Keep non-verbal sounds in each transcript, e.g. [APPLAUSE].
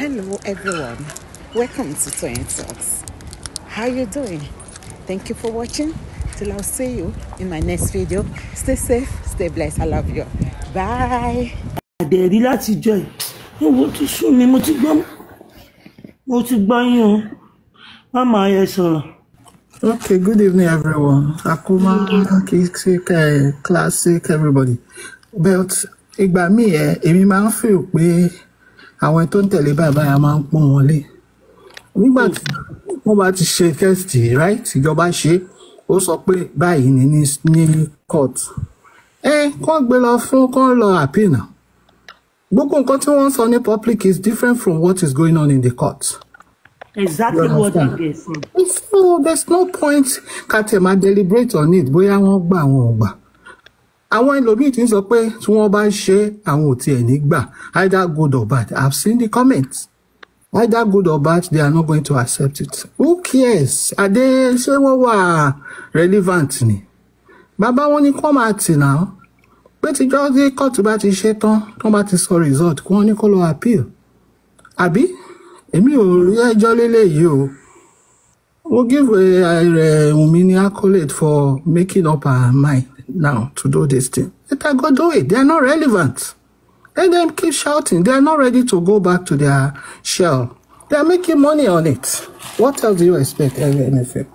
Hello everyone. Welcome to Toyeen Talks. How you doing? Thank you for watching. Till I'll see you in my next video. Stay safe, stay blessed. I love you. Bye. Àbẹ̀rí láti jọ ẹ̀. Owó ti sùn mi, mo ti gbọ́. Mo ti gbọ́ yín o. Má máa yẹ sọ̀rọ̀. Okay, good evening everyone. Akuma, Akisika, Classic, everybody. But ìgbà míì ẹ̀, èmi máa ń feel pé àwọn tó ń tẹ̀lé bàbá yà máa ń pọ́n wọn lé nígbà tí wọ́n bá ti ṣe test right ìjọba ṣe ó sọ pé báyìí ni ní court ẹ kọ́ gbé lọ fún kọ́ lọ àpìnà gbogbo nǹkan tí wọ́n ń sọ ní public is different from what is going on in the court. Exactly what I'm guessing. So there's no point kàtẹ́ máa deliberate on it bóyá wọ́n gbà wọn ò gbà àwọn ẹlòmíì ti ń sọ pé tí wọ́n bá ń ṣe àwọn ò tiẹ̀ nígbà either good or bad I've seen the comments either good or bad they are not going to accept it who cares adé ṣé wọ́n wà relevant ni bàbá wọn ni kọ́ máa tì náà pé tíjọ́ tí kóòtù bá ti ṣe tán tó bá ti sọ result kí wọ́n ní kó lọ appeal àbí èmi ò rí ẹjọ́ lélẹ́yìí o we'll give uh, uh, Wunmi uh, accolade for making up her mind now to do this thing. Let her go do it. They are not relevant. Let them keep shouting. They are not ready to go back to their shell. They are making money on it. What else do you expect? Anything.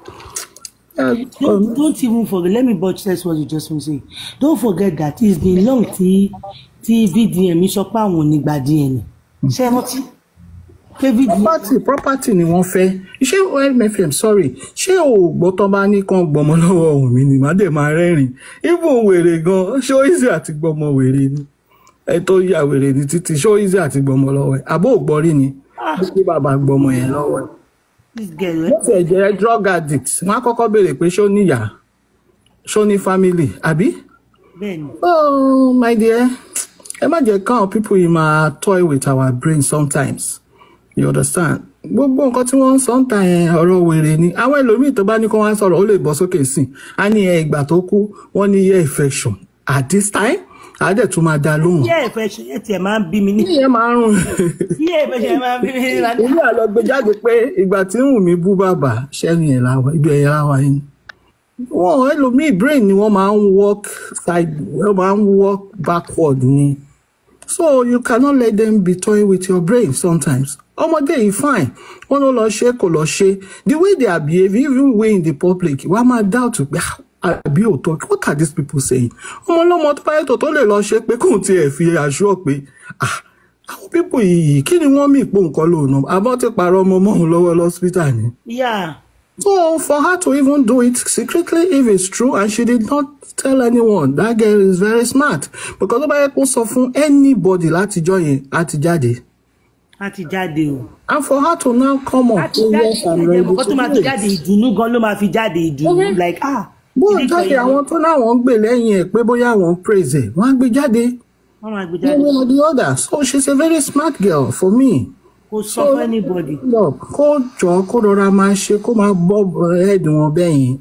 Um, don't, even forget. Let me butch this what you just say. Don't forget that it's been long tí tí VDM sọ pé àwọn ò ní property property ni wọ́n fẹ́ ṣé mfm sorry ṣé òògbọ́ tán bá ní kan gbọmọ lọ́wọ́ ohun mi ni màdé máa rẹ́rìn ibo wèrè gan ṣé ó easy àti gbọmọ wèrè ni ẹ tó yà wèrè ní títí ṣé ó easy àti gbọmọ lọ́wọ́ ẹ àbó ògbọ́rí ni kí ah. bàbá gbọmọ yẹn lọ́wọ́ ẹ. Eh? wọ́n fẹ́ drug addict wọ́n á kọ́kọ́ béèrè pé ṣó níyà ṣó ní family àbí. bẹ́ẹ̀ni. oh my dear ẹ má jẹ́ káwọn people yìí ma toy with our brain sometimes you understand gbogbo nǹkan tí wọ́n ń sọ ń ta yẹn ọ̀rọ̀ wèrè ni àwọn ẹlòmíì tó bá ní kó wá sọ̀rọ̀ ó lè bọ́ sókè sí i a ní ẹ ìgbà tó kú wọ́n ní ear infection at this time a dẹ̀ tún máa da lóhùn. ear infection yẹn tiẹ̀ máa ń bí mi ní. iye máa ń rùn. ear infection máa ń bí mi ní. ilé àlọ́gbé jáde pé ìgbà tí ń wù mí bú bàbá sẹ́yìn ẹ̀ láwa ibi ẹ̀yà láwa yẹn. wọ́n ẹlòmíì brain ni wọ́n máa ń work side wọ́n máa ń work backward ni so you cannot let them be toying with your brain sometimes ọmọdé yìí fine wọn ló lọ ṣe kò lọ ṣe the way they are behaving even way in the public wàá máa doubt pé ah, àbí òótọ́ what are these people saying ọmọ ọlọ́mọ tó bá yẹ tó tó lè lọ ṣe pé kóun tiẹ̀ fi aṣọ pé ah àwọn pípò yìí kí ni wọ́n mì pò nǹkan lónà àbọ̀ ti parọ́ ọmọ mọ́hún lọ́wọ́ lọ́sítà ni. yeah So for her to even do it secretly, if it's true, and she did not tell anyone, that girl is very smart. Because ó bá yẹ kó sọ fún anybody láti jọ yẹn, àti jáde a ti jáde o. and for her to now come up two years and ready to wait. tó máa fi jáde ìdùnnú gan ló máa fi jáde ìdùnnú mm-hmm. like ah. bó o jáde àwọn tó láwọn ń gbè lẹ́yìn ẹ̀ pé bóyá àwọn praise ẹ̀ wọ́n á gbé jáde. wọ́n máa gbé jáde. one way the other so she's a very smart girl for me. kò sọ fún anybody. kó jọ kó rọra máa ṣe kó máa bọ́ ẹ̀dùn ọbẹ̀ yẹn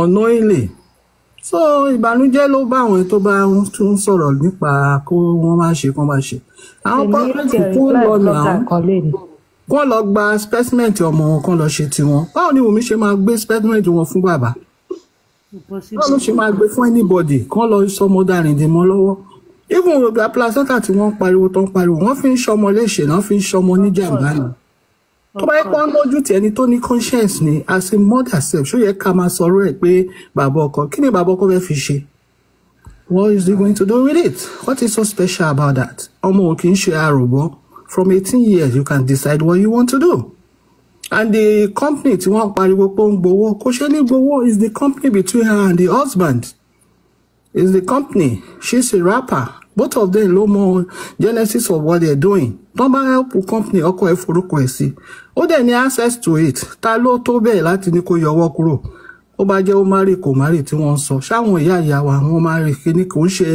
ọ̀nà ilé so ìbànújẹ́ ló bá àwọn tó bá tún sọ̀rọ̀ nípa kó wọ́n má ṣe kán má ṣe àwọn pọ́ńtì kó lọ́nà àwọn kán lọ gba specimen ọmọ wọn kán lọ ṣe tiwọn báwo ni Wùmí ṣe máa gbé specimen wọn fún bàbá báwo ló ṣe máa gbé fún anybody kán lọ sọmọ dàrìndín mọ́ lọ́wọ́ even yorùbá placenta tí wọ́n pariwo tó ń pariwo wọ́n fi ń ṣọmọ léṣe náà fi ń ṣọmọ níjàmbá náà tó bá yẹ pé wọn lójú tí ẹni tó ní conscience ni as a mother self ṣó yẹ ká máa sọ̀rọ̀ ẹ pé bàbá ọkọ kí ni bàbá ọkọ fẹ́ fi ṣe what is he going to do with it what is so special about that ọmọ ò kì í ṣe àròbọ from eighteen years you can decide what you want to do and the company tí wọ́n pariwo pé ó ń gbowó kò ṣe ní gbowó is the company between her and the husband is the company she's a rapper both of them ló mọ genesis of what they're doing tó bá help company ọkọ ẹ forúkọ ẹ sí ó dẹ̀ ní access to it ta ló tó bẹ́ẹ̀ láti ní kó yọwọ́ kúrò ó bá jẹ́ ó má rè kò má tí wọ́n ń sọ ṣáwọn ìyá ìyá wa àwọn má rè kíní kò ń ṣe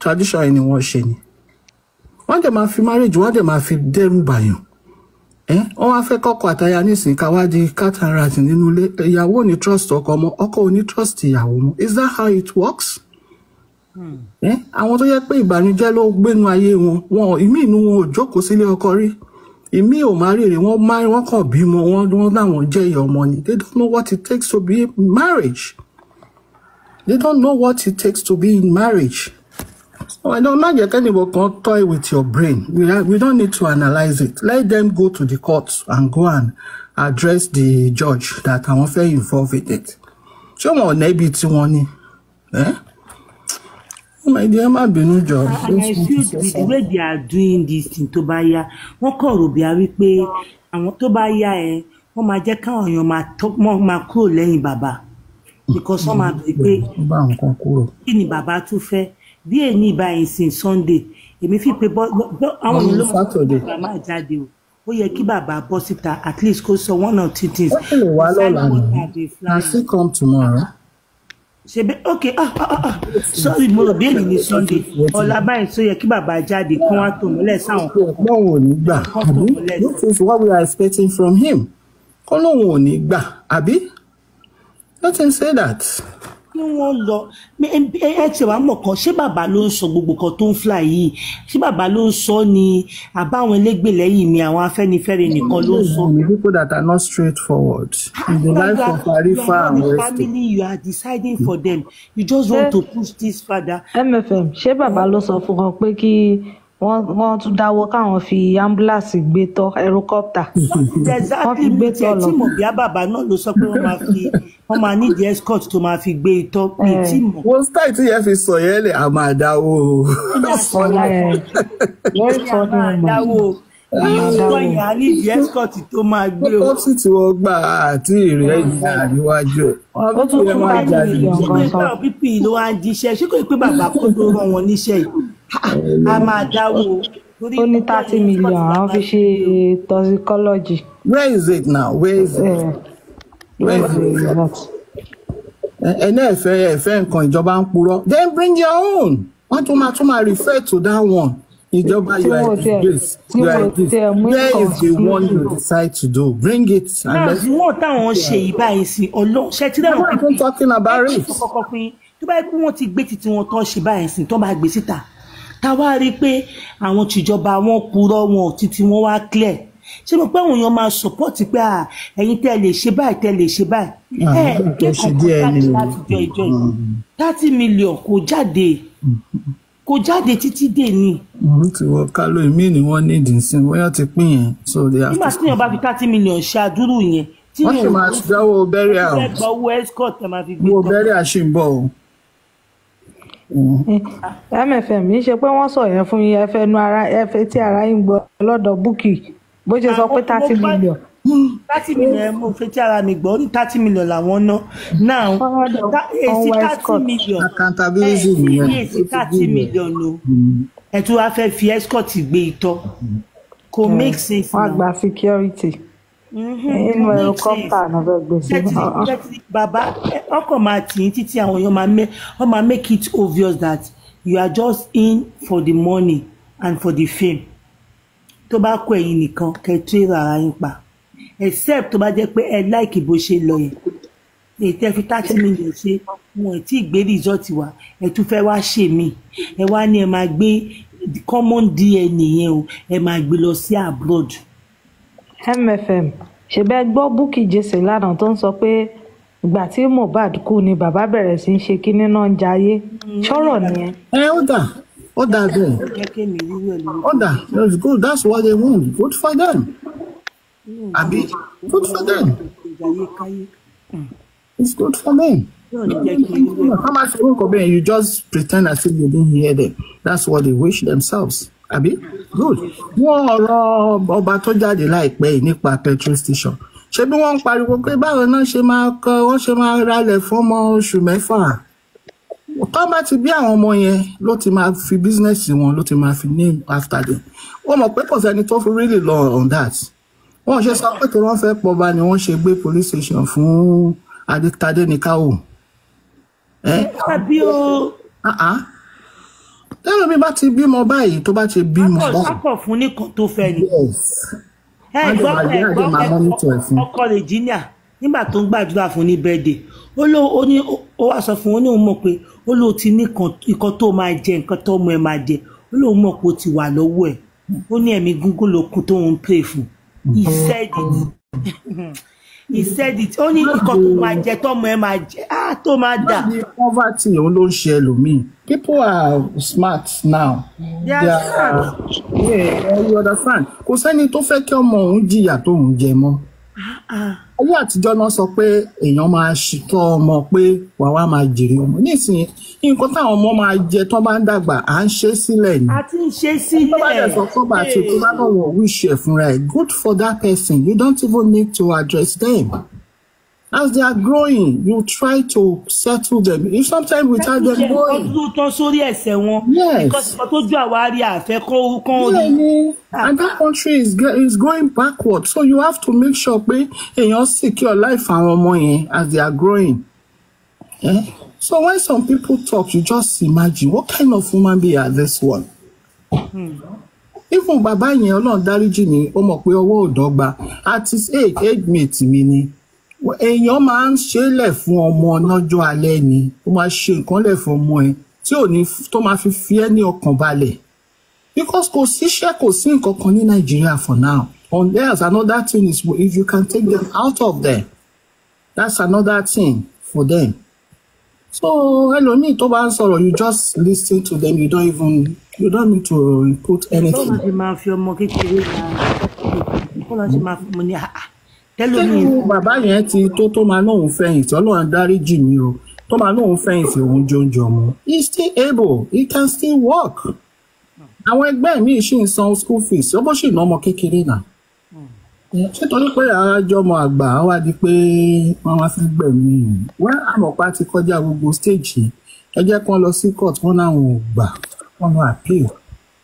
tradition ni wọ́n ṣe ni wọ́n dẹ̀ máa fi marriage wọ́n dẹ̀ máa fi dẹ́rù bàyàn wọ́n wá fẹ́ kọ́kọ́ àtaya nísìnyí ká wá di cataract nínú ilé ìyàwó ní trust ọkọ mọ́ ọkọ ò ní trust ìyàwó mọ́ is that how it works? Hmm. Eh? àwọn tó yẹ pé ìbànújẹ́ ló gbénu ayé wọn wọn ìmí inú wọn ò jókòó sílé ọkọ rí ìmí ò má rèrè wọn má wọn kàn bímọ wọn wọn láwọn jẹ ìyá ọmọ ni they don't know what it takes to be in marriage they don't know what it takes to be in marriage ọ̀dọ́ má jẹ́ kẹ́nìbọ̀ kan toy with your brain we, we don't need to analyse it let them go to the court and go and address the judge that àwọn fẹ́ involve in it ṣé wọn ò nẹ́bi tí wọ́n ní. Eh? my dear má bínú jọ. and i feel the way they are doing this thing tó bá yá wọ́n kọ̀ rò bí i wípé àwọn tó bá yá ẹ wọ́n máa jẹ́ káwọn èèyàn máa kúrò lẹ́yìn bàbá because wọ́n máa bẹ̀ pé kí ni bàbá tún fẹ́ bí èyí báyìí sin sunday èmi fi pé àwọn èèyàn ló máa jáde o ó yẹ kí bàbá bọ́ síta at least kó so one or two things. wọ́n lè wá lọ́la nù na still come tomorrow ṣebí ok ah, ah ah ah sorry mo rò bẹ́ẹ̀ ni sunday ọ̀la báyìí tó yẹ kí bàbá jáde kí wọ́n á tò mọ́lẹ̀ sáwọn kan. ọlọ́run ò ní gbà àbí this is what we are expecting from him ọlọ́run ò ní gbà àbí nothing say that pé wọ́n lọ ẹ ti wàá mọ̀ kan ṣé bàbá ló ń sọ gbogbo kan tó ń fly yìí ṣé bàbá ló ń sọ ni àbáwọn ẹlẹ́gbẹ́ lẹ́yìn mi àwọn afẹ́nifẹ́re nìkan ló ń sọ. people that are not straightforward in the life of Arifa and Westy. family you are deciding for them you just want to push this further. MFM ṣé bàbá ló sọ fún wọn pé kí wọ́n tún dáwọ́ káwọn fi ambulance gbé tọ́ helicopter [LAUGHS] wọ́n fi gbé tọ́ lọ. tí mo bí àbàbà náà ló sọ pé wọ́n máa fi wọ́n máa ní the escort tó máa fi gbé itọ́ pé eh. tí mo. wọ́n style tí yẹn fi sọ yẹn lè a máa dáwọ́ o. wọ́n sọ ní ọmọ ìyá ní the escort tó máa gbé o. ó sì tí wọ́n gbà àti ìrẹ́ ìyá níwájú ó tún tún wá ní ìyọ̀ngàn sọ. ṣé kò pé bàbá kó tó rán wọn níṣẹ́ yìí a máa dáwọ́. ó ní thirty million àwọn fi ṣe toxicology. where is it now where is it. Eh, where is it. ẹnẹ́ ẹ̀fẹ́ ẹ̀fẹ́ nǹkan ìjọba ń purọ́ then bring your own wọ́n tún máa tún máa refer to that one ìjọba you are this you are this where is the one you decide to do bring it. náà tí wọ́n táwọn ṣe ìbáyìí sí ọlọ́run ṣe tí dáhùn pípín ẹ̀ tí wọ́n kọ́kọ́ pín tó bá yẹ kí wọ́n ti gbé titi wọn tó ṣe báyìí sí tó bá gbé síta tá a wá rí i pé àwọn tìjọba wọn purọ́ wọn ò títí wọn wá clear ṣé mo pé àwọn èèyàn máa support pé à ẹ̀yin tẹ́ lè ṣe báyìí tẹ́ lè ṣe báyìí. Ah, ẹ kẹ́kọ̀ọ́ láti láti jọ ìjọ yìí mm-hmm. thirty million kò jáde kò jáde títí dé ni. mo mm-hmm. ti wọ kálọ èmi ni wọn ní ìdínsìn bóyá ti pín yẹn so they have to. nígbà tí èèyàn bá fi thirty million ṣe àdúrú yẹn. wọ́n sì máa dáwọ́ bẹ́rẹ̀ àwọn. wọ́n bẹ́rẹ̀ àṣìbọ̀ o mfm mm-hmm. ń mm-hmm. ṣe pé wọ́n sọ yẹn fún yín ẹfẹ nu ara ẹfẹ tí ara yín gbọ́ lọ́dọ̀ búkì bó ṣe sọ pé thirty million. thirty million mo fẹ́ tí ara mi gbọ́ ní thirty million làwọn ná now èsì thirty million accountability eh, nìyẹn èsì thirty million o mm-hmm. ẹ̀ tún wá fẹ́ fi escort gbé itọ́ kò make sense. wọ́n á gba security. Mhm. Ah, ah. bàbá ọkàn máa tì í títí àwọn èèyàn máa make it obvious that you are just in for the money and for the fame tó bá kọ ẹ̀yin nìkan kẹ́ tó èrò ara pa except tó bá jẹ́ pé ẹ láìkì bó ṣe lọ yẹn èyí tẹ́ fi thirty million ṣe wọn ẹ̀ tí gbé result wa ẹ tún fẹ́ wá ṣe mí ẹ wá ní ẹ máa gbé common DNA yẹn o ẹ máa gbé lọ sí abroad mfm ṣebẹ́ gbọ́ bukky jesse lánàá tó ń sọ pé ìgbà tí mohbad kú ni bàbá bẹ̀rẹ̀ sí í ṣe kinní náà ń jayé ṣọ́rọ̀ nìyẹn. ẹ ó dà ó dà gan ó dà that's good that's what they want good for them àbí good for them it's good for me. How much you just pretend as if you didn't hear them? That's what they wish themselves àbí good wọ́n ọ̀rọ̀ ọba tó jáde láìpẹ́ yìí nípa petrol station ṣé bí wọ́n ń pariwo pé báwo náà ṣe máa kọ wọ́n ṣe máa ralẹ̀ fún ọmọ oṣù mẹ́fà tó bá ti bí àwọn ọmọ yẹn ló ti máa fi bísínẹ́sì wọn ló ti máa fi name after them wọ́n mọ̀ pé kò sẹ́ni tó fi really lọ on that wọ́n ṣe sọ pé tí wọ́n fẹ́ pọba ni wọ́n ṣe gbé police station fún adétadé ní káwò. ẹ tàbí o. Ah, ah tẹ́lẹ̀ mi bá ti bímọ báyìí tó bá ti bímọ báyìí. akọ̀ fún nìkan tó fẹ́ ni. ẹ gbọ́ ẹ gbọ́ ọkọ Regina nígbà tó ń gbàdúrà fún ní bẹ́ẹ̀dẹ̀ ó ló ó ní ó wá sọ fún ó ní òun mọ̀ pé ó ló ti ní nǹkan tó máa jẹ nǹkan tó mọ̀ ẹ máa jẹ ó lóun mọ̀ pé ó ti wà lọ́wọ́ ẹ̀ ó ní ẹ̀mí gúngún ló kù tóun pè fún ìṣẹ́ẹ̀dì mm-hmm. ni. [LAUGHS] he said it Only ní nǹkan tó máa jẹ tọmọ ẹ máa jẹ á tó máa dà. poverty òun ló ń ṣe ẹlòmíì people are smart now. they are smart. ẹ ẹ you understand kò sẹ́ni tó fẹ́ kí ọmọ òun jìyà tó ń jẹ mọ́ ayé àtijọ́ náà sọ pé èèyàn máa ṣìtọ́ ọmọ pé wàá máa jèrè ọmọ nísìnyí nǹkan táwọn ọmọ máa jẹ tó bá ń dàgbà à ń ṣe sílẹ̀ ni. a ti ń ṣe sílẹ̀. tó bá dẹ̀ sọ fún bàtú tó bá lọ́wọ́ wíṣẹ̀ fúnra ẹ̀ good for that person you don't even need to address them as they are growing you try to settle them if sometimes without them growing. ọdún tó sórí ẹsẹ̀ wọn. yes because ọtọ́jú àwárí àfẹ́ kọ́ kọ́. bẹ́ẹ̀ni and that country is, is going backward so you have to make sure pé èèyàn secure life àwọn ọmọ yẹn as they are growing. Yeah? so when some people talk you just imagine what kind of woman be at this one. Hmm even bàbá yẹn ọlọ́run dáríjì ni ó mọ̀ pé ọwọ́ ò dọ́gba at his age age mate mi ni èèyàn máa ń ṣe lẹ̀ fún ọmọ lọ́jọ́ alẹ́ ni ó máa ṣe nǹkan lẹ̀ fún ọmọ ẹ tí ò ní tó máa fi fi ẹ́ ní ọkàn balẹ̀ because kò síṣẹ́ kò sí nǹkan kan ní Nàìjíríà for now unless another thing is if you can take them out of there that's another thing for them so ẹlòmíì tó bá ń sọ̀rọ̀ you just listen to them you don't even you don't need to put anything. bọ́lá ti máa fi ọmọ kékeré ra bọ́lá ti máa fi ọmọ ní àá. Ah, ah, kẹlòmíì bàbá yẹn ti tó tó máa náà ń fẹ̀yìntì ọlọ́run dáríjì ni o tó máa náà ń fẹ̀yìntì òun jọjọ mu he still able he can still work àwọn ẹgbẹ́ mi ṣì ń san school fees ó bó ṣì ná ọmọ kékeré náà nítorí hmm. pé àjọ ọmọ àgbà wá di pé wọ́n wá fẹ́ gbẹ̀mí wọ́n àmọ̀pá ti kọjá gbogbo stage yìí ẹ jẹ́ kán lọ sí court wọ́n láwọn ò gbà wọ́n lọ appeal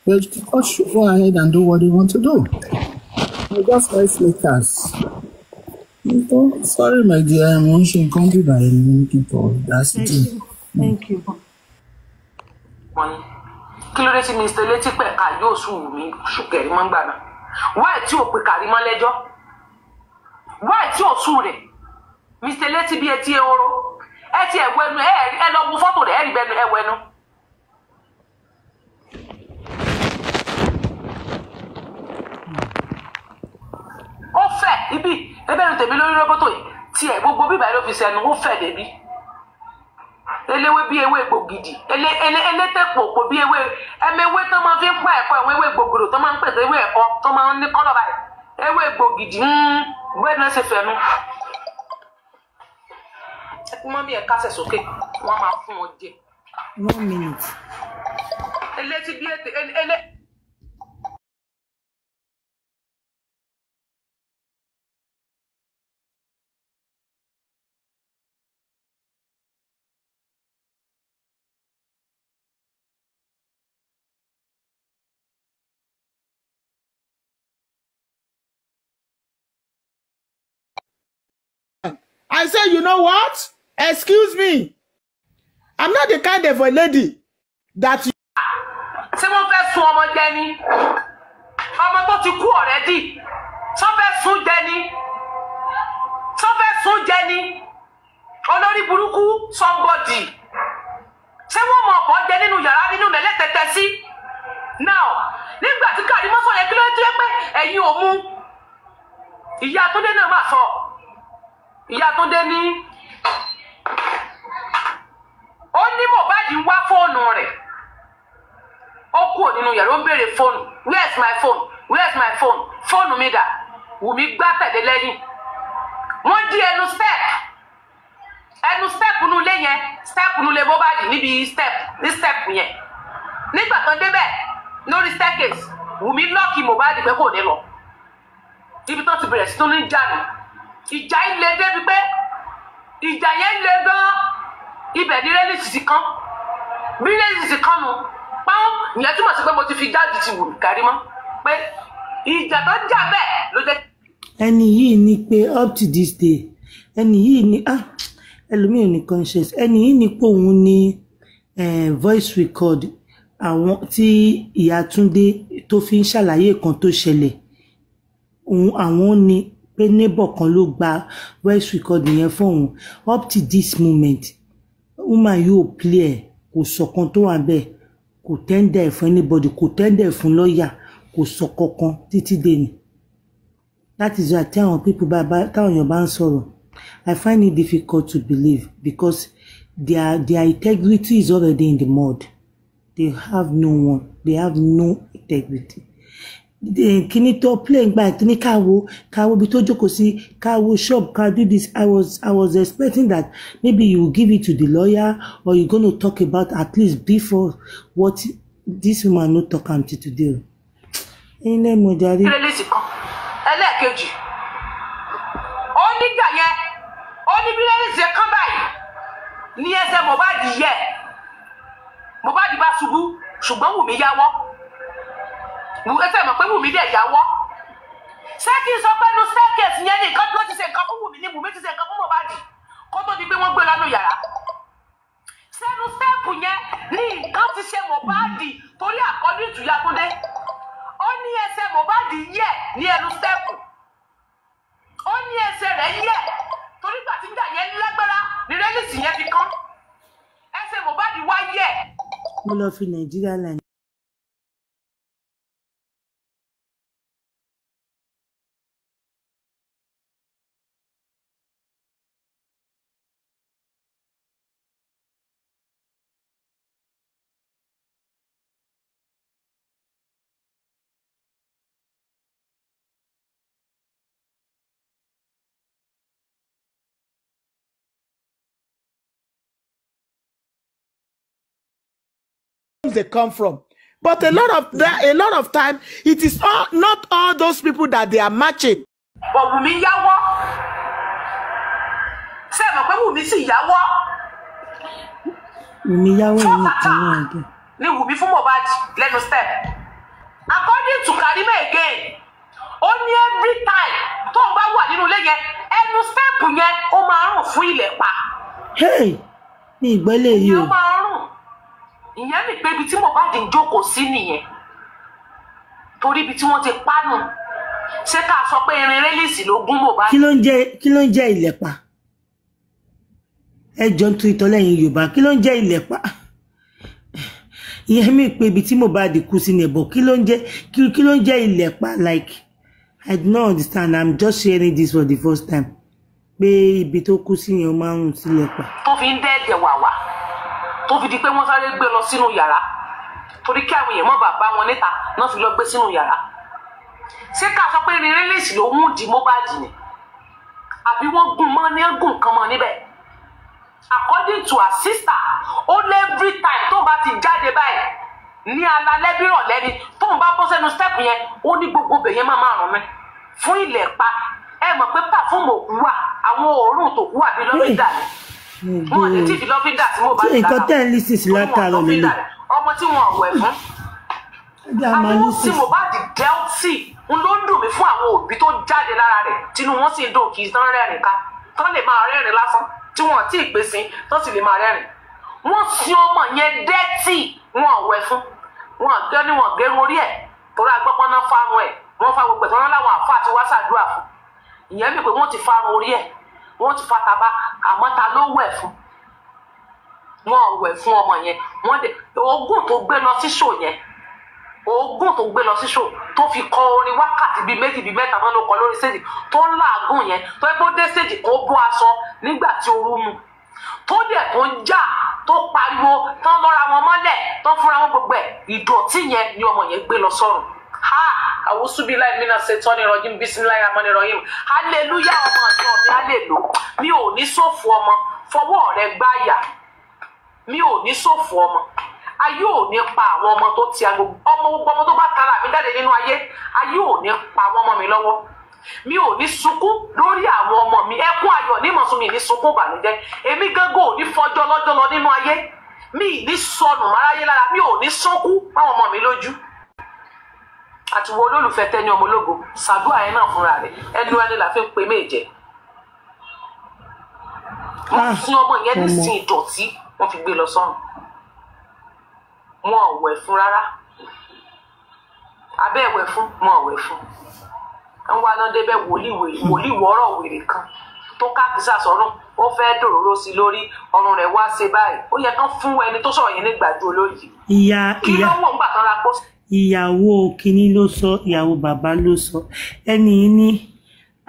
but the court should go ahead and do what they want to do. I just like lakers sorry my dear mo ń ṣe nǹkan bí bàyẹ̀ ní it. ìdásídì. wọ́n ní kí ló dé tí mr létí pẹ̀ka yóò sùn mí ṣùkẹ́rì mọ́ gbàgbà wáì tí ò pe kàrí mọ́ lẹ́jọ́ wáì tí ò sùn rẹ̀ mr létí bí ẹ ti ehoro ẹ ti ẹ̀wọ́ ẹnu ẹ lọ wo fọ́tò rẹ̀ ẹ rí bẹ́ẹ̀ ẹ̀wọ́ ẹnu. ó fẹ́ ibi bẹ́ẹ̀ tèmi lórí rọ́bọ́tò yìí tiẹ̀ gbogbo bíbá ló fi sẹ́nu ó fẹ̀ débi eléwé bí ewé gbògidì ele ele elétèpòpò bí ewé ẹmẹwé tó máa fi ń pa ẹ̀kọ́ àwọn ewé gbògidò tó máa ń pèsè ewé ẹ̀kọ́ tó máa ń ní kọ́lọ̀ báyìí ewé gbògidì ń hmm, bẹ́ẹ̀ náà ṣe fẹ̀nu. ẹ mọ́ bí ẹ kásẹ̀ sókè wọ́n máa fún wọn jẹ. one minute. elétí bí ètè elé. I said, you know what? Excuse me. I'm not the kind of a lady that you. Ṣé wọ́n fẹ́ sun ọmọ jẹ ni? Ọmọ tó ti already. Ṣé wọ́n fẹ́ sun jẹ ni? Ṣé wọ́n fẹ́ sun jẹ ni? Olórí burúkú somebody. Ṣé wọ́n mọ ọ̀pọ̀ jẹ Now, nígbà tí Kàdímọ́sọ̀ yẹ kí ló ń tirẹ́ pé ẹ̀yin ò mú. Ìyá Túndé náà máa ìyá Túndé ní ó ní Mohbad ń wá fóònù rẹ̀ ó kúrò nínú yàrá ó béèrè fóònù where is my phone where is my phone fóònù mi dà Wùmí gbá tẹ̀lé lẹ́yìn wọ́n di ẹnu step ẹnu step nulẹ̀ yẹn step nulẹ̀ Mohbad níbi step ní step yẹn nígbà kan débẹ̀ lórí staircase Wùmí lọ́ọ̀kì Mohbad pé kò ní lọ ibi tó ti bẹ̀rẹ̀ sí tó ní jáde ìjà yìí le débi pé ìjà yẹn le gan ibẹ̀ ní rẹ́lẹ́sìsì kan bí rẹ́lẹ́sìsì kan nù pọ́n ìyẹn túmọ̀ sí pé mo ti fi jáde ti wù kárí mọ́ pé ìjà tó jà bẹ́ẹ̀ ló jẹ́. ẹni yìí ni pé up to this day ẹni yìí ni ah, ẹlòmíràn ní conscience ẹni yìí ni pé òun ni eh, voice record àwọn tí ìyá Túndé tó fi ń ṣàlàyé kan tó ṣẹlẹ̀ òun àwọn ni pé neighbor kan ló gba voice record yẹn fóun up to this moment woman yóò play ẹ̀ kò sọ̀kan tó wà bẹ́ẹ̀ kò tẹ́ndẹ̀ ẹ̀ fún anybody kò tẹ́ndẹ̀ ẹ̀ fún lọ́ọ̀yà kò sọ kankan títí dèní that is why tí àwọn people bá táwọn èèyàn bá ń sọ̀rọ̀ I find it difficult to believe because their their integrity is already in the mud they have no one they have no integrity Eh, kíní tó plane gba kíní káwo káwo ibi tó jókòó sí káwo shop ká do this i was i was expecting that maybe you will give it to the lawyer or you gonna talk about at least before what this woman no talk am till today o. ẹyin lẹ́yìn mo jàre. ẹlẹ́ẹ̀kejì ó nígbà yẹn ó ní bílíọ̀nù ṣe kán báyìí ní ẹsẹ̀ ba yẹ Mohbad bá ṣubú ṣùgbọ́n Wùmí yáwọ́ ẹsẹ̀ mọ̀ pé Wùmí dẹ̀ yáwọ́ ṣé kí n sọ pé nu staircase yẹn nìkan ló ti ṣe nǹkan fún Wùmí ni Wùmí ti ṣe nǹkan fún Mohbad kó tó di pé wọ́n gbé lánàá yàrá sẹ́nu sẹ́ẹ̀kù yẹn ní nǹkan ti ṣe Mohbad torí àkọ́lù ìtúyà tó dé ó ní ẹsẹ̀ Mohbad yẹ̀ ní ẹnu sẹ́ẹ̀kù ó ní ẹsẹ̀ rẹ̀ yẹ̀ torí gbà tí ń dà yẹn lágbára ní rẹ́líìsì yẹn ti kán ẹsẹ̀ Mohbad wá yẹ̀. mo lọ fi nàìjíríà lẹ́nu. they come from. But a lot of that, a lot of time, it is all, not all those people that they are matching. But Wùmí yáwọ́. Ṣé ẹ mọ̀ pé Wùmí sì yáwọ́? Wùmí yáwọ́ yìí àwọn àgbẹ̀. Ni Wùmí fún Mohbad lẹ́nu step. According to Karime again, only every time tó ń bá wà nínú ilé yẹn, ẹnu step yẹn ó máa ń Hey, ní ìgbẹ́lẹ̀ yìí o ìyẹn ni pé ibi tí Mohbad ń jókòó sí nìyẹn torí ibi tí wọ́n ti pánù ṣé ká sọ pé irin rélìsì ló gún Mohbad. kí ló ń jẹ kí ló ń jẹ ìlẹ̀pa ẹ jọ ń tu ìtọ́lẹ́yìn Yorùbá kí ló ń jẹ ìlẹ̀pa ìyẹn mi pé ibi tí Mohbad kú sí nìbọ kí ló ń jẹ kí ló ń jẹ ìlẹ̀pa like I do not understand I am just sharing this for the first time pé ibi tó kú sí yẹn ó máa ń sílẹ̀ pa. tó fi ń dẹ́ẹ̀dẹ̀ wàwà tó fi di pé wọ́n sáré gbé lọ sínú yàrá torí kí àwọn èèyàn mọ̀ bàbá wọn níta náà fi lọ gbé sínú yàrá ṣé ká sọ pé irin lèsì ló mú di Mohbad ni àbí wọ́n gún mọ́ ní gùn kan mọ́ níbẹ̀ according to her sister ó lé every time tó bá ti jáde báyìí ní alalẹ́ bí ìrọ̀lẹ́ ni tóun bá bọ́ sẹ́nu step yẹn ó ní gbogbo bẹ̀yẹn máa máa ràn mí fún ilẹ̀ pa ẹ mọ̀ pé pàfúmù òkú wà àwọn òórùn tó kú wà bí lọ́rọ̀ ìdá ni wọn ò lè tí fi lọ́fíńdà tí mo bá ti dára nǹkan tẹ́ ń lí sísì látàárọ̀ nínú ọmọ tí wọn ò wẹ̀ fún aburú tí mo bá di delsi n ló ń dùn mí fún àwọn òbí tó jáde lára rẹ̀ tínú wọn sì ń dùn kì í tán rẹ́rìn ká tán lè máa rẹ́rìn lásán tí wọn tí ì gbèsè tán sì lè máa rẹ́rìn wọn sin ọmọ yẹn dẹ́tì wọn ò wẹ̀ fún wọn gẹ́ ni wọn gẹ́rù orí ẹ̀ torí agbọ́pọ́n náà fárun ẹ̀ wọ́n fa gbogbo ẹ̀ tán láwọn àfa àti wáṣà dúà fún ìyẹn mi pé wọ́n ti fárun orí ẹ̀ wọ́n ti fa taba àmọ́ ta ló wẹ̀ fún wọn wẹ̀ fún ọmọ yẹn wọ́n dẹ̀ oògùn tó gbé lọ sí ṣò yẹn oògùn tó gbé lọ sí ṣò tó fi kọ orin wákàtí bíi méjì bíi mẹ́ta fún ọkọ̀ lórí stage tó ń làágùn yẹn tó yẹ kó dé stage kó bó aṣọ nígbà tí ooru mu tó dẹ̀ tó ń jà tó pariwo tán lọ́ra wọn mọ́lẹ̀ tán fúnra wọn gbogbo ẹ̀ ìdọ̀tí yẹn ni ọmọ yẹn gbé lọ sọ́run àwùsùbílà ìmínà ṣètò ọ̀nìrọ̀jìm bísímìlà ìràmọ́nìrọ̀yìm hallelúyà ọmọ ọ̀dọ́ mi á lè lò mi ò ní sòfò ọmọ fọwọ́ rẹ gbáyà mi ò ní sòfò ọmọ ayé ò ní pa àwọn ọmọ tó ti àgbo ọmọ gbogbo ọmọ tó bá tara mi jáde nínú ayé ayé ò ní pa àwọn ọmọ mi lọ́wọ́ mi ò ní sunkún lórí àwọn ọmọ mi ẹkún ayọ̀ nímọ̀sùn mi ní sunkún bànújẹ́ èmi gángan ò ní fọjọ́ lọ́jọ́ lọ nínú ayé mi ní sọnù máráyé lára mi ò ní sunkún máwọn ọmọ mi lójú àtiwọ olólùfẹ́ tẹ́ni ọmọ ológo ṣàdúrà yẹn náà fúnra rẹ̀ ẹnu ẹni la fi ń pe méje wọ́n ah, sin ọmọ yẹn ní sin ìdọ̀tí wọ́n fi gbé lọ sọ́run wọn ò wẹ̀ fún rárá abẹ́ ẹ̀wẹ̀ fún wọn ò wẹ̀ fún ń wá náà débẹ̀ wòlíì wọ́rọ̀ wèrè kan tó káàkiri sọ̀rọ̀ ó fẹ́ dòróró sí lórí ọrùn rẹ̀ wá ṣe báyìí ó yẹ kán fún ẹni tó sọ̀rọ̀ yẹn nígbàdúró lóyìí kí ló wọ̀ ń gbà tán ra pósí ìyàwó kínní ló sọ ìyàwó bàbá ló sọ ẹni yìí ní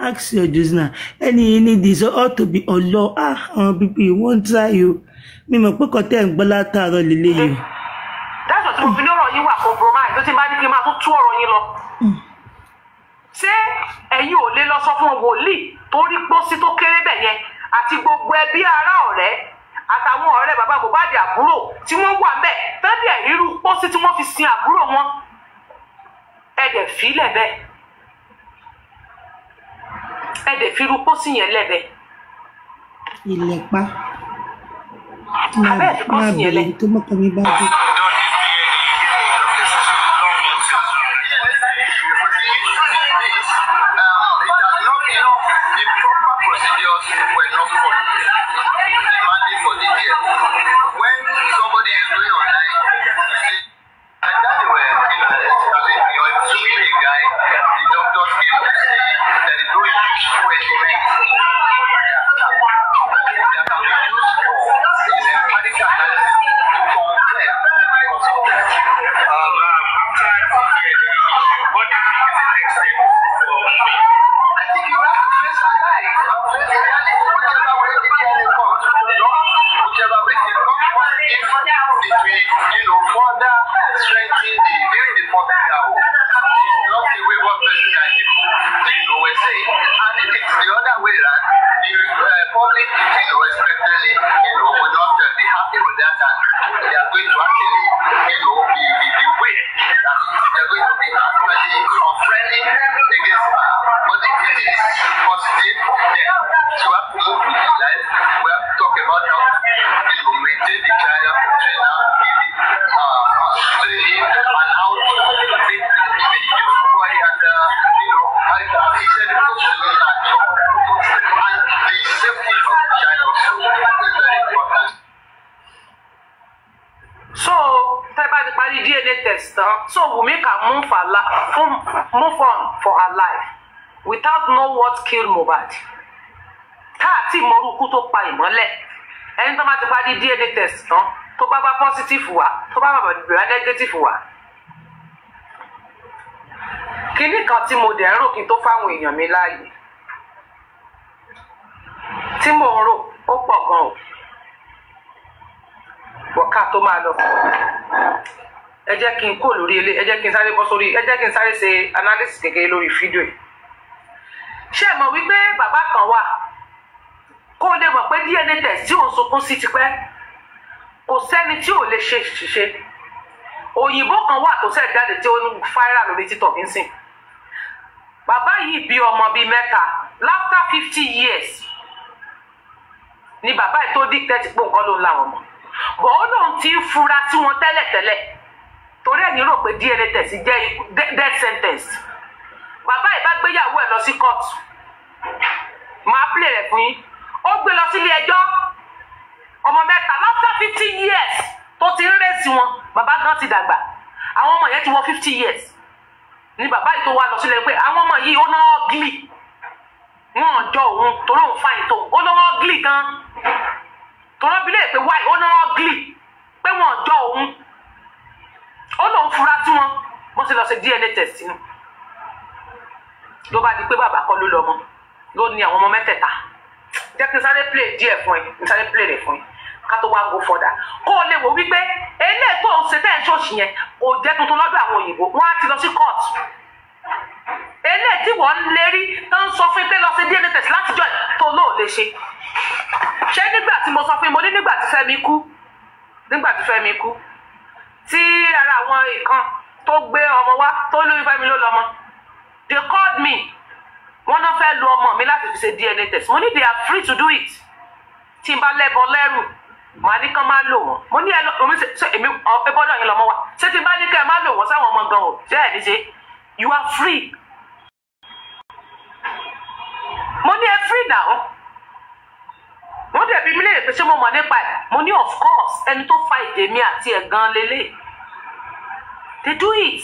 ask your josna ẹni yìí ní this ought to be ọlọ ah àwọn bíbí wọn try o mi mọ̀ pé kọtẹ ń gbọ́ látàárọ̀ lílé yìí. dájọ́ tí mo fi lọ́rọ̀ yín wà compromise ló ti máa ní kí n máa tún tú ọ̀rọ̀ yín lọ. Hmm. ṣé ẹ̀yin ò lè lọ sọ fún wòlíì torí pósí tó kéré bẹ̀ yẹn àti gbogbo ẹbí ará ọ̀rẹ́ àtàwọn ọ̀rẹ́ bàbá Mohbad àbúrò tí wọ́n wà bẹ́ẹ̀ tẹ́lẹ̀ irú pósí tí wọ́n fi sin àbúrò wọn ẹ̀dẹ̀ fílẹ̀ bẹ́ẹ̀ ẹ̀dẹ̀ fi irú pósí yẹn lẹ́bẹ̀ẹ́. ìlẹ̀pa máa bèrè tó mọ́kọ mi bá dé. Thank you. Yeah. move her life move on for her life without know what killed Mohbad tá a ti mọrú ikú tó pa ìmọ́lẹ̀ ẹni tó bá ti parí DNA test tán tó bá bá positive wá tó bá bá negative wá kínní kan tí mo dẹ̀ ń rò kí n tó fáwọn èèyàn mi láàyè tí mò ń rò ó pọ̀ gan-an wọ́n ká tó máa lọ ẹ jẹ́ kí n kó lórí ilé ẹ jẹ́ kí n sáré bọ́ sórí ẹ jẹ́ kí n sáré ṣe analysis kékeré lórí fídíò yìí ṣé ẹ mọ̀ wípé bàbá kan wà kó lè mọ̀ pé DNA test tí òun sunkún sí tipẹ́ kò sẹ́ni tí ò lè ṣe ṣiṣe òyìnbó kan wà tó sẹ́ẹ̀ jáde tí ó ń fáírà lórí títọ̀ bí sìn bàbá yìí bí ọmọ bíi mẹ́ta láfter fifty years ni bàbá yìí tó dictate pé nǹkan ló ń la wọn mọ̀ bọ̀ ti ń fura sí wọn tẹ́lẹ̀tẹ́lẹ̀ torí ẹ̀yin rò pé DNA test jẹ́ death sentence bàbá ìbá gbéyàwó ẹ̀ lọ sí kóòtù màá plé rẹ̀ fún yín ó gbé lọ sílé ẹjọ́ ọmọ mẹ́ta after fifteen years tó ti ń rẹ́sì wọn bàbá gan ti dàgbà àwọn ọmọ yẹn ti wọ fifty years ni bàbá yìí tó wà lọ sílé pé àwọn ọmọ yìí ó náà gílì wọn ò jọ òun torí òun fáyìn tó ó náà gílì gan torí ọbí lè pé wáyé ó náà gílì pé wọn jọ òun ó lóun fura sí wọn wọ́n sì lọ ṣe DNA test nù ló bá di pé bàbá kọ́ ló lọ́mọ ló ní àwọn ọmọ mẹ́tẹ̀ẹ̀ta jẹ́ kí n sáré play díẹ̀ fún ẹ n sáré play rẹ̀ fún ẹ ká tó wá go further kó o lè wò wípé eléyìí tó ń ṣe tẹ́ ẹ̀ ṣọ́ọ̀ṣì yẹn kò jẹ́ tuntun lọ́dọ̀ àwọn òyìnbó wọ́n á ti lọ sí court eléyìí tí wọ́n ń lérí tó ń sọ fún pé lọ sí DNA test látijọ́ tó náà lè ṣe ṣé nígbà tí mo sọ fún mo ní nígbà tí Fẹ́mi kú nígbà tí Fẹ́mi kú tí ara àwọn nǹkan tó gbé ọmọ wá tó lóyún fẹ́mi ló lọ́mọ they called me wọ́n náà fẹ́ lu ọmọ mi láti fi ṣe DNA test mo ní they are free to do it tí n bá lẹ́bọ lẹ́rù màá ní kán máa lò wọ́n mo ní ẹ omi ṣe èmi ẹ bọ́dọ̀ yín wa ṣé tí n bá ní kẹ́ ẹ lò wọ́n sáwọn ọmọ gan o ṣé ní ṣe you are free mo ní ẹ free now dẹ̀ mi lè pé ṣé mo mọ̀ nípa ẹ̀ mo ní of course ẹni tó fa èdè mi àti ẹ̀ gan lélẹ̀ they do it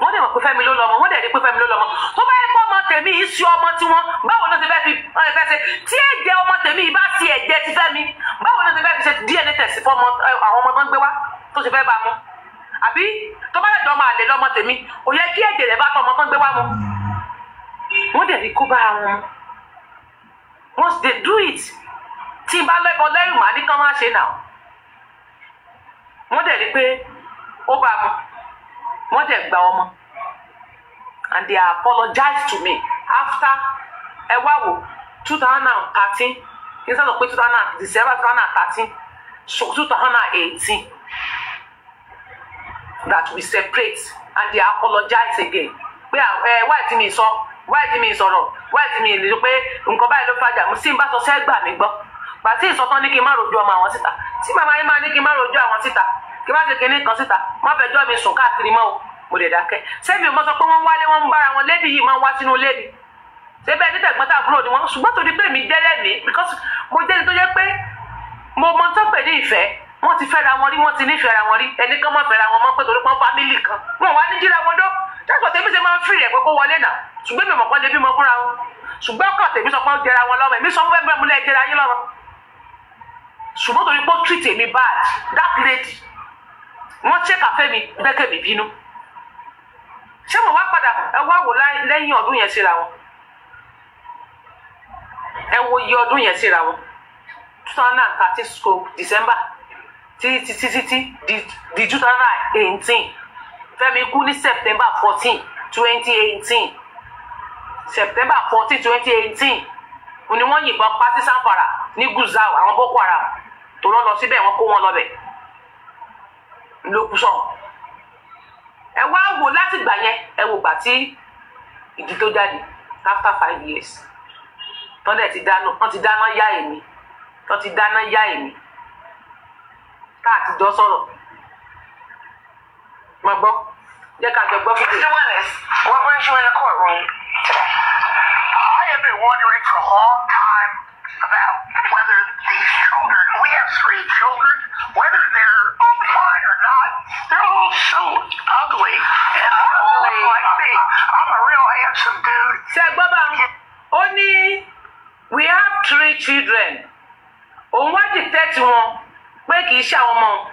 wọ́n dẹ̀ mọ̀ pé fẹ́mi ló lọ́mọ wọ́n dẹ̀ rí pé fẹ́mi ló lọ́mọ tó bá yẹ pé ọmọ tèmi yìí ọmọ tiwọn báwo ló ti fẹ́ fi ẹ fẹ́ ṣe tí ẹ̀jẹ̀ ọmọ tèmi yìí ti ẹ̀jẹ̀ ti fẹ́mi báwo ló ti fẹ́ fi ṣe DNA test fún ọmọ àwọn ọmọ tó ń gbé wá tó ti fẹ́ bá mu àbí tó bá dẹ̀dọ̀ ọmọ àlè lọ́mọ tèmi ò yẹ kí ẹ̀jẹ̀ rẹ̀ bá tọ ọmọ tó ń gbé wá mu wọ́n dẹ̀ rí kó bára wọn wọ́n they do it tí n bá lẹ́bọ lẹ́rù màá ní kán má ṣe nà wọ́n dẹ̀ rí pé ó bá mu wọ́n dẹ̀ gba ọmọ and they apologize to me after ẹ wá wò two thousand and thirteen instead of pé two thousand and december two thousand and thirteen so two thousand and eighteen that we separate and they apologize again pé ẹ wá ìdí mi sọ wá ìdí mi sọ̀rọ̀ wá ìdí mi lè rí pé nǹkan báyìí ló fàjà mo sì ń bá sọ sẹ́gbà mi gbọ́. pàtí ìsọtán ní kí n má rojú ọmọ àwọn síta tí màmá yín máa ní kí n má rojú àwọn síta kí n má kékeré ní kan síta má fẹjọ́ mi sùn káàkiri mọ́ o mo lè dákẹ́ sẹ́mi ò mọ sọ pé wọ́n wálé wọ́n ń bára wọn lédi yìí máa ń wá sínú lédi ṣébẹ́ ní tẹ̀gbọ́n tàbúrò ni wọ́n ṣùgbọ́n torí pé mi dẹ́rẹ́ mi because mo jẹ́ ni tó yẹ pé mo mọ tó pè ní ìfẹ́ wọ́n ti fẹ́ra wọn rí wọ́n ti nífẹ̀ẹ́ ra wọn rí ẹni kan mọ̀ fẹ́ra wọn mọ́ pé torí pọ́n fámìlì kan wọn wá ní jíra wọn dọ́ dápò tèmi ṣe máa ń fìrì ẹ̀pẹ́ kó wọlé náà ṣùgbọ́n mi mọ̀ kọ́ lè bímọ fúnra wọn ṣùgbọ́n ọkọ̀ tèmi sọ pé ó jẹra wọn lọ́mọ èmi sọ fún fẹ́ẹ́ mú lẹ́ẹ̀ jẹra yín lọ́mọ ṣùgbọ́n torí pé ó treat èmi bad that lady wọ́n check àfẹ́ mi bẹ́kẹ̀ mi bínú ṣé mo wá padà ẹ wá wò lẹ́yìn ọdún yẹn síra wọn ẹ wo iye ọdún yẹn síra wọn two thousand and thirteen stroke december títí títí títí di two thousand and eighteen Fẹ́mi kú ní september fourteen twenty eighteen september fourteen twenty eighteen ni wọ́n yìnbọn pa sí sanfara ní guzau àwọn boko haram tó lọ síbẹ̀ wọ́n kó wọn lọ́bẹ̀ lókùsọ̀ ẹ wá wò láti gbà yẹn ẹ wò gbà tí ìdí tó jáde after five years tọ́lẹ̀ ti dáná wọ́n ti dáná yá èmi wọ́n ti dáná yá èmi tá a ti jọ sọ̀rọ̀ mo gbọ́ jẹ́ ká jọ gbọ́ fídíò. What brings you in the courtroom today? I have been wondering for a long time about whether these children, we have three children, whether they're fine or not, they're all so ugly. And they all look like me. I'm a real handsome dude. Say, Baba, Oni, we have three children. Òun wá detect wọn pé kì í ṣe àwọn ọmọ.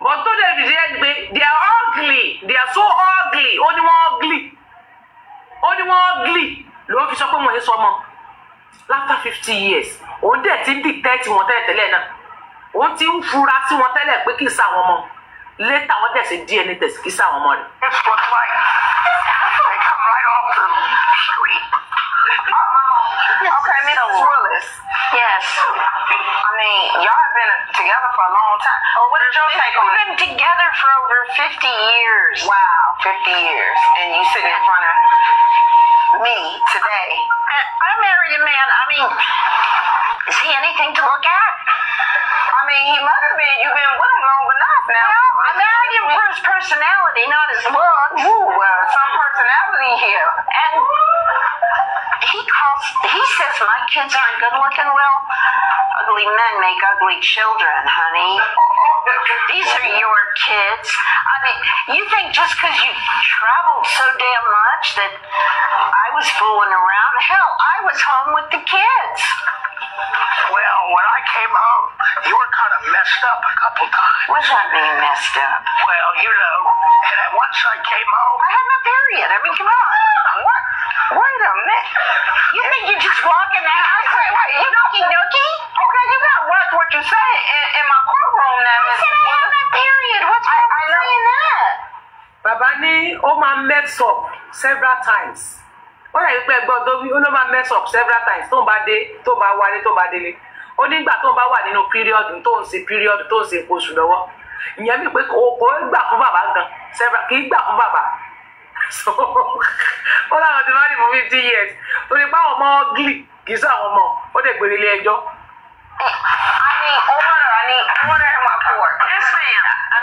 But tó dẹ̀ dìde pé they are ugly, they are so ugly, ó ní wọ́n ugly. Ó ní wọ́n ugly ló fi sọ pé wọ́n yé sọmọ. láfter fifty years òun dẹ̀ ti ń dictate wọn tẹ́lẹ̀ tẹ́lẹ̀ náà òun ti ń fura sí wọn tẹ́lẹ̀ pé kí n sáwọn ọmọ létà wọn dẹ̀ ṣe DNA test kí sáwọn ọmọ rẹ̀. Yes. I mean, y'all have been together for a long time. Well, oh, what is your take on We've been together for over 50 years. Wow, 50 years. And you sit in front of me today I, I married a man. I mean, is he anything to look at? I mean, he must be. You've been with him long enough now. No, I married him for his personality, not his looks. Ooh, uh, some personality here. And he calls. He says my kids aren't good looking. Well, ugly men make ugly children, honey. These are your kids. I mean, you think just because you traveled so damn much that I was fooling around hell, I was home with the kids. Well, when I came home, you were kind of messed up a couple times. What's that mean, messed up? Well, you know, and then once I came home. I had my period. I mean, come on. What? Wait a minute. You think you just walk in the house? Wait, wait, you nookie nookie? Okay, you got what? what you say in, in my courtroom now. I said I had my period. What's wrong with saying that? Babani, oh, my messed up several times. ó rẹ̀ pé ẹgbẹ́ ọdún ó ló máa mess up several times tó ń bá dé tó ń bá wálé tó ń bá délé ó nígbà tó ń bá wà nínú period tó ń ṣe period tó ń ṣe nǹkan oṣù lọ́wọ́ ìyẹn mi pé kò kò gbà fún bàbá gan several kì í gbà fún bàbá [LAUGHS] so ó láwọn ti máa ní fún fifty years torí pé àwọn ọmọ gílì kì í sọ àwọn ọmọ ó dẹ̀ gbèrè ilé ẹjọ́. a ní owó rẹ̀ ní owó rẹ̀ máa kọ̀ wọ̀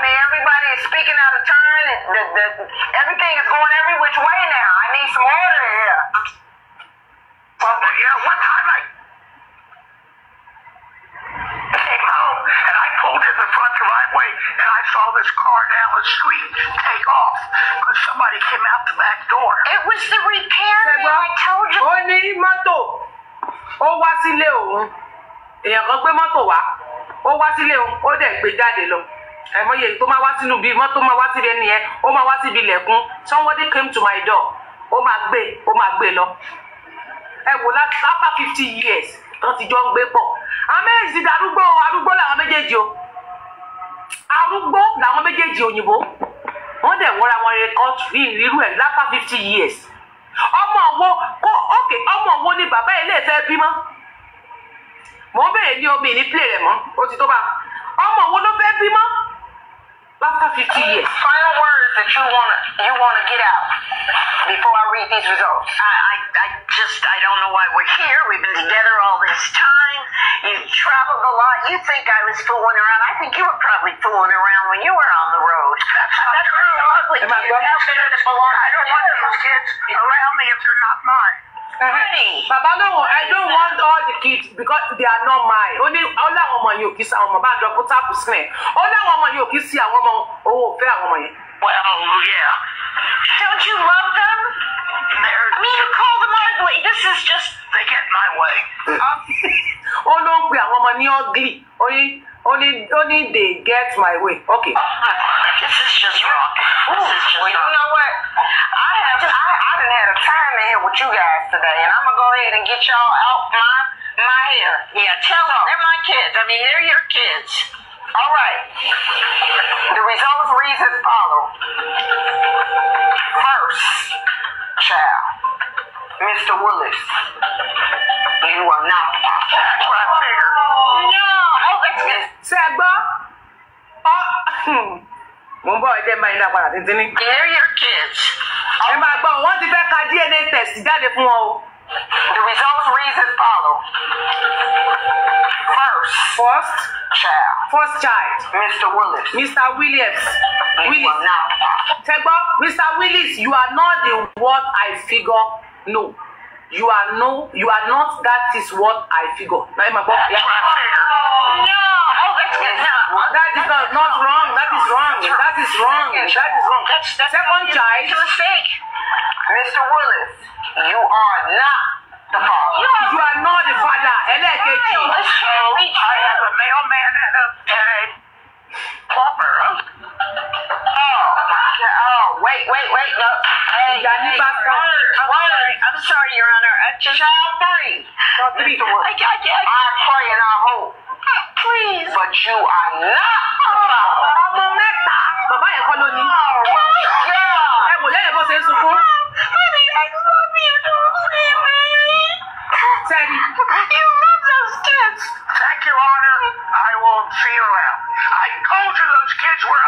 mean, everybody is speaking out of turn. The, the, everything is going every which way now. I need some order here. Well, you one time I came home and I pulled in the front driveway and I saw this car down the street take off because somebody came out the back door. It was the repairman. I told you. Ó ní mọ́tò. Ó wá sílé òun. Èèyàn kan gbé mọ́tò wá. Ó wá sílé òun. Ó dẹ̀ gbé jáde lọ. ẹ̀mọ́yè tó máa wá sínú bíi mọ́tò máa wá síbi ẹni yẹn ó máa wá síbi ilẹ̀kùn somebody came to my door ó máa gbé ó máa gbé lọ ẹ wò lápá fifty years tán ti jọ ń gbé pọ̀ àwọn méjèèjì darúgbó arúgbó làwọn méjèèjì o arúgbó làwọn méjèèjì òyìnbó wọ́n dẹ̀ wọ́ra wọn rẹ kọ́ irú ẹ̀ lápá fifty years ọmọ wo kó òkè ọmọ wo ni bàbá ilé fẹ́ bímọ mọ̀ ń bèrè ní omi ní plé rẹ̀ mọ́ ó ti tó bá ọmọ wo ló fẹ́ bímọ. Final words that you wanna you wanna get out before I read these results. I, I, I just I don't know why we're here. We've been together all this time. You traveled a lot. You think I was fooling around? I think you were probably fooling around when you were on the road. That's That's true. Ugly. Am I, I don't want those kids around me if they're not mine. Bàbá lóhùn I don't want all the kids because they are not mine. Ó ní ó láwọn ọmọ yìí ò kí sí àwọn ọmọ bá dọ̀bù táàbù sílẹ̀. Ó láwọn ọmọ yìí ò kí sí àwọn ọmọ owó òfẹ́ àwọn ọmọ yẹn. Well, yeah. Don't you love them? I mean, you call them ugly. This is just... They get my way. [LAUGHS] Ó ló ń pe àwọn ọmọ ní ugly. Oyin. Only, only they get my way. Okay. this is just wrong. This is just well, wrong. you know what? I have, I, I didn't have a time in here with you guys today, and I'm gonna go ahead and get y'all out my, my hair. Yeah, tell them. They're my kids. I mean, they're your kids. All right. The results reasons follow. First, child. Mr. Willis, you are not ṣe gbọ́ ọ hmm. mo ń bọ̀ ẹjẹ́ máa ń dá padà títí ní. clear your kids. ẹ máa gbọ́ wọ́n ti fẹ́ ka DNA test jáde fún wọn o. the results reason follow. first. first child. first child. Mr. Willis. Mr. Williams. Willis. ṣe gbọ́ Mr. Willis you are not the one I figure. No. You are no, you are not, that is what I figure. Now, my book, No. Oh, that is not, not wrong. That is wrong. That is wrong. That is wrong. That's, that's Second child. a mistake. Mr. Willis, you are not the father. You are, not the father. Elekeji. Oh, oh, I have a mailman and a, and a plumber. Oh, oh, wait, wait, wait. no. Hey, Y'all hey, my I'm sorry. I'm sorry, Your Honor. I just. Child three. Child I, I, I, I, I pray and I hope. Please. But you are not. Ọmọ mẹ́ta. Bàbá yẹn kọ́ ló ní. Oh, ẹ wò lẹ́yìn bó ṣe ń sunkún. Bàbá yẹn kọ́ mi ò tó fún mi. Teddy. You love those kids. Thank you, Honor. I won't see you around. I told you those kids were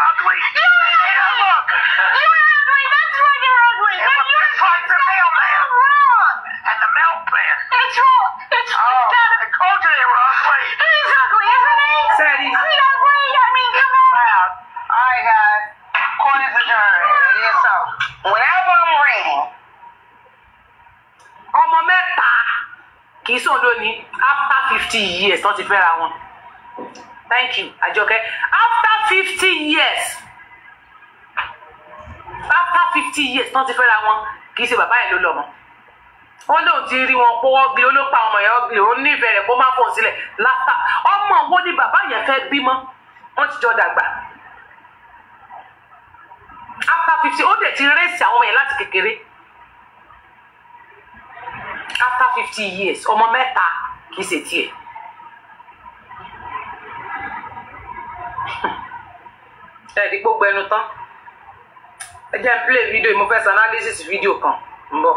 fifty years tó ti fẹ́ra wọn thank you àjọkẹ́ after fifty years after fifty years tó ti fẹ́ra wọn kì í ṣe bàbá yẹn ló lọ́mọ wọn lóun ti rí wọn kó wọn gbé olópa ọmọ yẹn gbé òun nífẹ̀ẹ́ rẹ̀ kó má fòun sílẹ̀ látà ọmọ wo ni bàbá yẹn fẹ́ bímọ wọn ti jọ dàgbà after fifty ó dẹ̀ ti rẹ́sì àwọn ọmọ yẹn láti kékeré after fifty years ọmọ mẹ́ta kì í ṣe tiẹ̀. ẹ̀ẹ́dì gbogbo ẹnu tán ẹ jẹ́ play video mo fẹ́ analysis video kan ń bọ̀.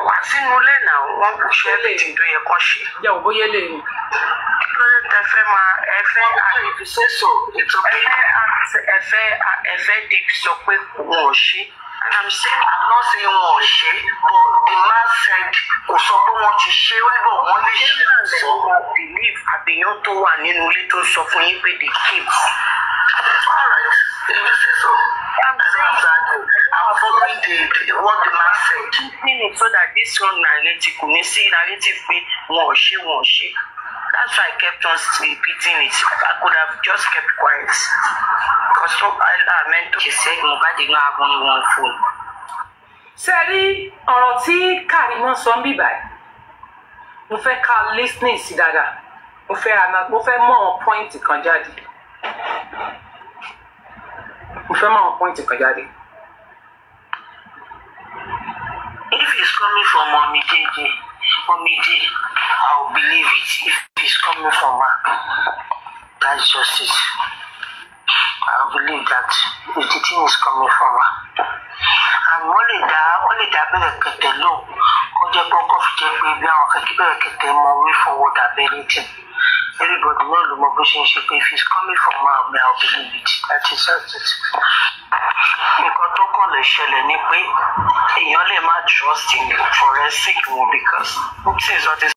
ọ̀wá sínú ilé náà wọ́n kò ṣe everything tó yẹ kán ṣe. jẹ́ òbó yé lè rìn. kí ló dé tẹ fẹ́ àti ẹ fẹ́ sọ pé wọn ò ṣe and i'm saying i'm not saying wọn ò ṣe but the man said kò sọ pé wọn ti ṣe ó níbọ̀ wọn lè ṣe sọ. belief àbíyàn tó wà nínú ilé tó sọ fún yín pé they came. say so. i'm saying that i'm following the, what the man said. so that this one narrative kò ní sí narrative pé wọn ò ṣe wọn ò ṣe. that's why i kept on repeating it i could have just kept quiet so allah meant to she said Mohbad did not have only one phone. ṣe ọ̀rọ̀ tí Karimo sọ ń bì báyìí mo fẹ́ ka listening sí dáadáa mo fẹ́ mo fẹ́ mọ̀ ọ́n pọ́ìntì kan jáde mo fẹ́ mọ̀ ọ́n pọ́ìntì kan jáde. if it's coming from mọ̀mí jẹ́jẹ́ mọ̀mí jẹ́ i will believe it if it's coming from her that's justice. I believe that the thing is coming from her. And wọ́n lè dá wọ́n lè dá bẹ̀rẹ̀ kẹ̀tẹ̀ lò kó jẹ́ pé ọkọ̀ fi jẹ́ pé bí àwọn kẹ̀kẹ́ bẹ̀rẹ̀ kẹ̀tẹ̀ mọ wí forward àbẹ̀ anything. Everybody náà ló mọ bó ṣe ń ṣe if it's coming from her, may I believe it. That is it. Nǹkan tó kàn lè ṣẹlẹ̀ ni pé èèyàn lè má trust in forensic wo because is what are